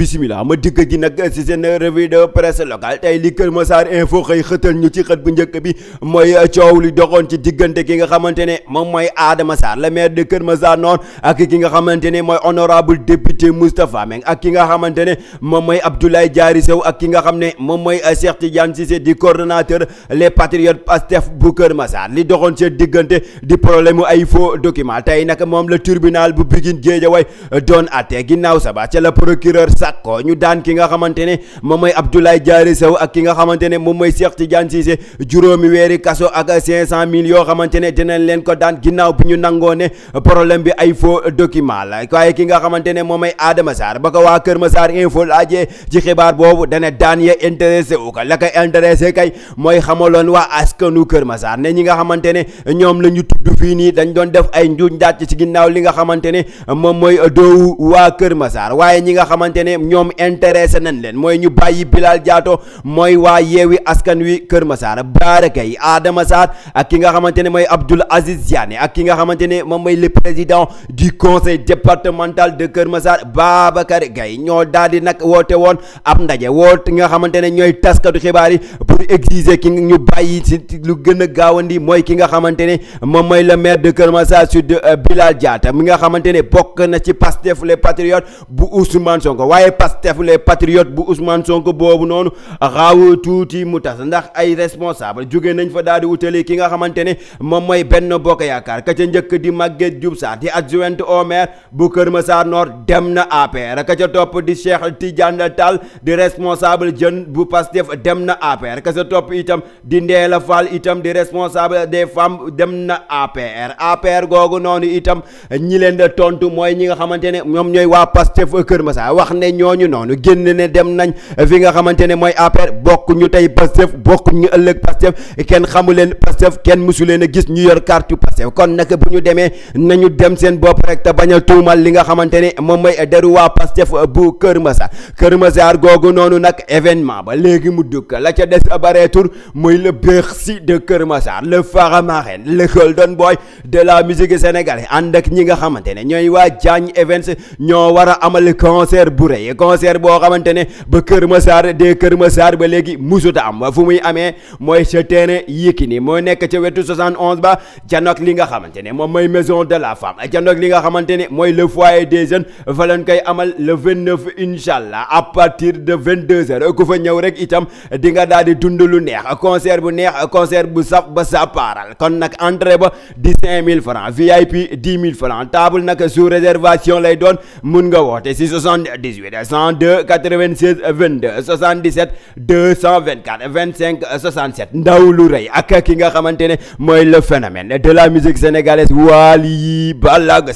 bisimila ma dikk ji nag si seen revue de presse locale tey li Kër Massar info xëy xëtal ñu ci xët bu njëkk bi mooy coow li doxoon ci diggante ki nga xamante ne moom mooy Adama Sarr le maire de Kër Massar Nord ak ki nga xamante ne mooy honorable député Moustapha Meng ak ki nga xamante ne moom mooy Abdoulaye Diary Sow ak ki nga xam ne moom mooy Cheikh Tidiane Cissé di coordonnateur les patriotes Pastef bu Kër Massar li doxoon seen diggante di problème mu ay fo documents tey nag moom la tribunal bu sàkk ko ñu daan ki nga xamante ne moom mooy Abdoulaye Diarry Sow ak ki nga xamante ne moom mooy Cheikh Tidiane Cissé juróomi weeri kaso ak cinq mille yoo xamante ne dinañ leen ko daan ginnaaw bi ñu nangoo ne problème bi ay faux document la waaye ki nga xamante ne moom mooy Adama Sarr ba ko waa Kër Massar info laajee ci xibaar boobu dana daan ya intéressé wu ko la ko intéressé kay mooy xamaloon waa askanu Kër Massar ne ñi nga xamante ne ñoom la ñu tudd fii nii dañ doon def ay njuuj ci ginnaaw li nga xamante ne moom mooy doowu waa Kër Massar waaye ñi nga xamante ñoom intéressé nañ leen mooy ñu bàyyi Bilal Diato mooy waa yeewi askan wi Kër Massar Baraka yi aadama Sarr ak ki nga xamante ne mooy Abdoul Aziz Diané ak ki nga xamante ne moom mooy le président du conseil départemental de Kër Massar Babacar Gaye ñoo daal di nag woote woon ab ndaje woo woote nga xamante ne ñooy du xibaar yi pour exiger ki ñu bàyyi si lu gën a gaawandi mooy ki nga xamante ne moom mooy le maire de Kër Massar Sud euh, Bilal jaata mi nga xamante ne bokk na ci Pastef les patriotes bu waaye Pastef les patriotes bu Ousmane Sonko boobu noonu xaaw tuuti mu tas ndax ay responsable jóge nañ fa daal di wutali ki nga xamante ne moom mooy benn bokk yaakaar ka ca njëkk di Maguette Diouf Sarr di adjoint au maire bu Kër Massar noor dem na APR ka ca topp di Cheikh Tidiane tal di responsable jeune bu Pastef dem na APR ka ca topp itam di Ndéla Fall itam di responsable des femmes dem na APR APR googu noonu itam ñi leen da tontu mooy ñi nga xamante ne ñoom ñooy waa ñooñu noonu génn ne dem nañ fi nga xamante ne mooy APR bokk ñu tey Pastef bokk ñu ëllëg Pastef kenn xamu leen Pastef kenn musu leen a gis ñu yor carte Pastef kon nag bu ñu demee nañu dem seen bopp rek te bañ a tuumal li nga xamante ne moom mooy deru waa Pastef bu Kër Massar Kër Massar googu noonu nag événement ba léegi mu dugg la ca des bareetur muy le Bercy de Kër Massar le Faramarène le Golden Boy de la musique sénégalaise ànd ak ñi nga xamante ne ñooy waa Diagne Events ñoo war a amal concert bu rëy yi concert bo xamantene ne ba Kër Massar de Kër Massar ba legui musuta am fu muy amee mooy ca terrain Yékini moo nekk ca wetu 71 ba janook li nga xamantene ne maison de la femme janook li nga xamantene moy le foyer des jeunes fa amal le 29 inch'allah, a à partir de 22 h ku fa ñew rek itam di nga daal di dund lu neex concert bu neex concert bu sap ba sa paaral kon nak entrée ba 15000 francs VIP 10000 francs table nak sous réservation lay doon mun nga wote si 78 102 96 22 77 224 25 67 ndaw Rey Aka ak ki nga le phénomène de la musique sénégalaise Wali Ballago